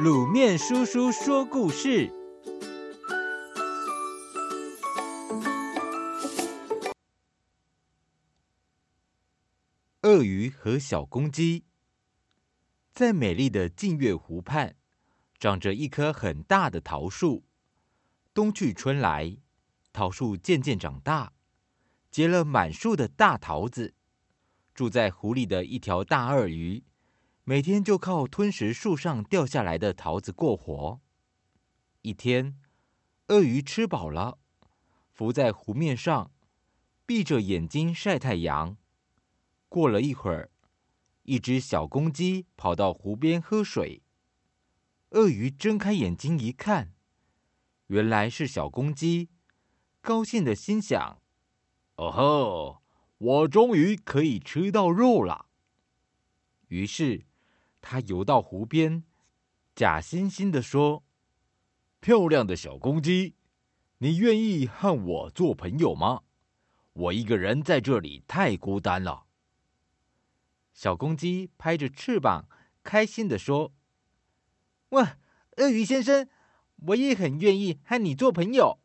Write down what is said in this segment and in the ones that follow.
滷麵叔叔說故事：鱷魚和小公雞，在美麗的淨月湖畔，長着一棵很大的桃樹。冬去春來，桃樹漸漸長大，結了滿樹的大桃子。住在湖裡的一條大鱷魚。每天就靠吞食樹上掉下來的桃子過活。一天，鱷魚吃飽了，浮在湖面上，閉着眼睛曬太陽。過了一會兒，一只小公雞跑到湖邊喝水。鱷魚睜開眼睛一看，原來是小公雞，高興的心想：“哦吼，我終於可以吃到肉了！”於是。他游到湖邊，假惺惺的說：“漂亮的小公雞，你願意和我做朋友嗎？我一個人在這裡太孤單了。”小公雞拍着翅膀，開心的說：“哇，鱷魚先生，我也很願意和你做朋友。”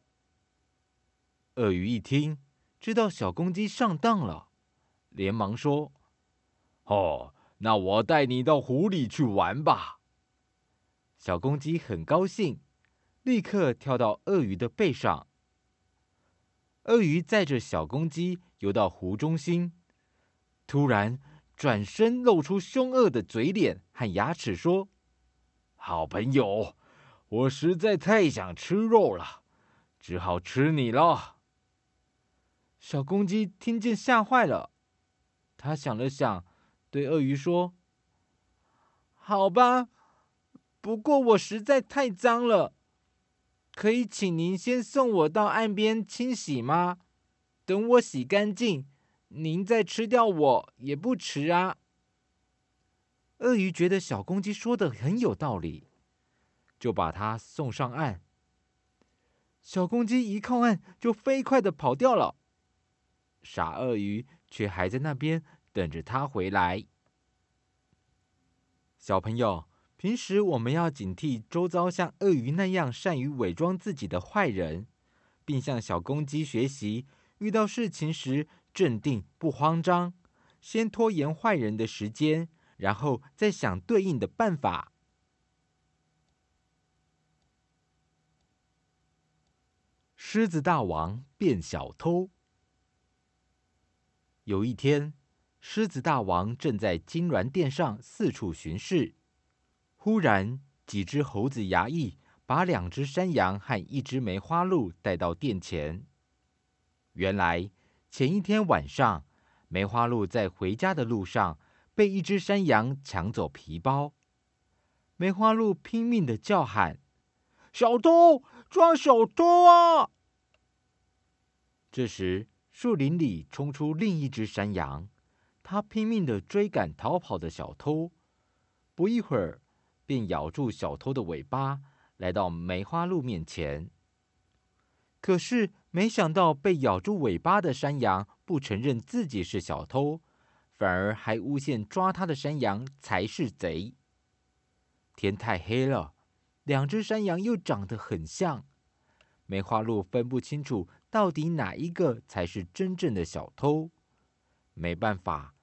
鱷魚一聽，知道小公雞上當了，連忙說：“哦。”那我帶你到湖裡去玩吧。小公雞很高興，立刻跳到鱷魚的背上。鱷魚載着小公雞游到湖中心，突然轉身露出凶惡的嘴臉和牙齒，說：“好朋友，我實在太想吃肉了，只好吃你了。”小公雞聽見嚇壞了，他想了想。對鱷魚說：“好吧，不過我實在太髒了，可以請您先送我到岸邊清洗嗎？等我洗乾淨，您再吃掉我也不遲啊。”鱷魚覺得小公雞說得很有道理，就把它送上岸。小公雞一靠岸就飛快地跑掉了，傻鱷魚卻還在那邊。等着他回來，小朋友。平時我們要警惕周遭像鱷魚那樣善於偽裝自己的壞人，並向小公雞學習，遇到事情時鎮定不慌張，先拖延壞人的時間，然後再想對應的辦法。獅子大王辨小偷。有一天。獅子大王正在金鑾殿上四處巡視，忽然，幾只猴子衙役把兩只山羊和一只梅花鹿帶到殿前。原來，前一天晚上，梅花鹿在回家的路上被一只山羊搶走皮包，梅花鹿拼命地叫喊：“小偷，抓小偷啊！”這時，樹林裡衝出另一只山羊。他拼命的追趕逃跑的小偷，不一會兒便咬住小偷的尾巴，來到梅花鹿面前。可是沒想到被咬住尾巴的山羊不承認自己是小偷，反而還誣陷抓他的山羊才是賊。天太黑了，兩只山羊又長得很像，梅花鹿分不清楚到底哪一個才是真正的小偷，沒辦法。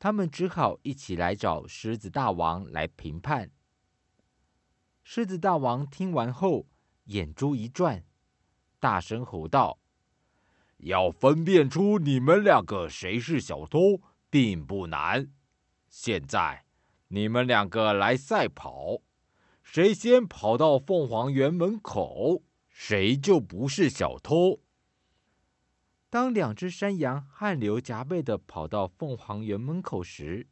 他們只好一起來找獅子大王來評判。獅子大王聽完後，眼珠一轉，大聲吼道：“要分辨出你們兩個誰是小偷，並不難。現在，你們兩個來賽跑，誰先跑到鳳凰園門口，誰就不是小偷。”當兩隻山羊汗流浹背的跑到鳳凰園門口時，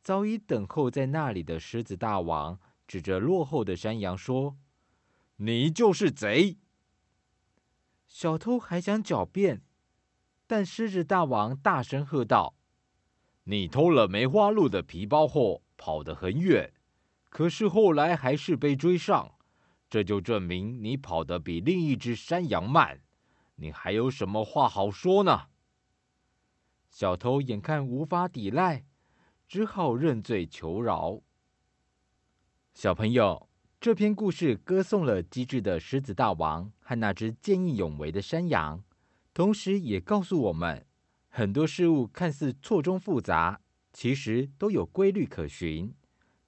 早已等候在那裡的獅子大王指着落後的山羊說：“你就是賊。”小偷還想狡辯，但獅子大王大聲喝道：“你偷了梅花鹿的皮包後跑得很遠，可是後來還是被追上，這就證明你跑得比另一隻山羊慢。”你還有什麼話好說呢？小偷眼看無法抵賴，只好認罪求饒。小朋友，這篇故事歌頌了機智的獅子大王和那隻見義勇為的山羊，同時也告訴我們，很多事物看似錯綜複雜，其實都有規律可循。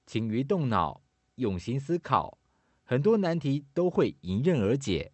勤於動腦，用心思考，很多難題都會迎刃而解。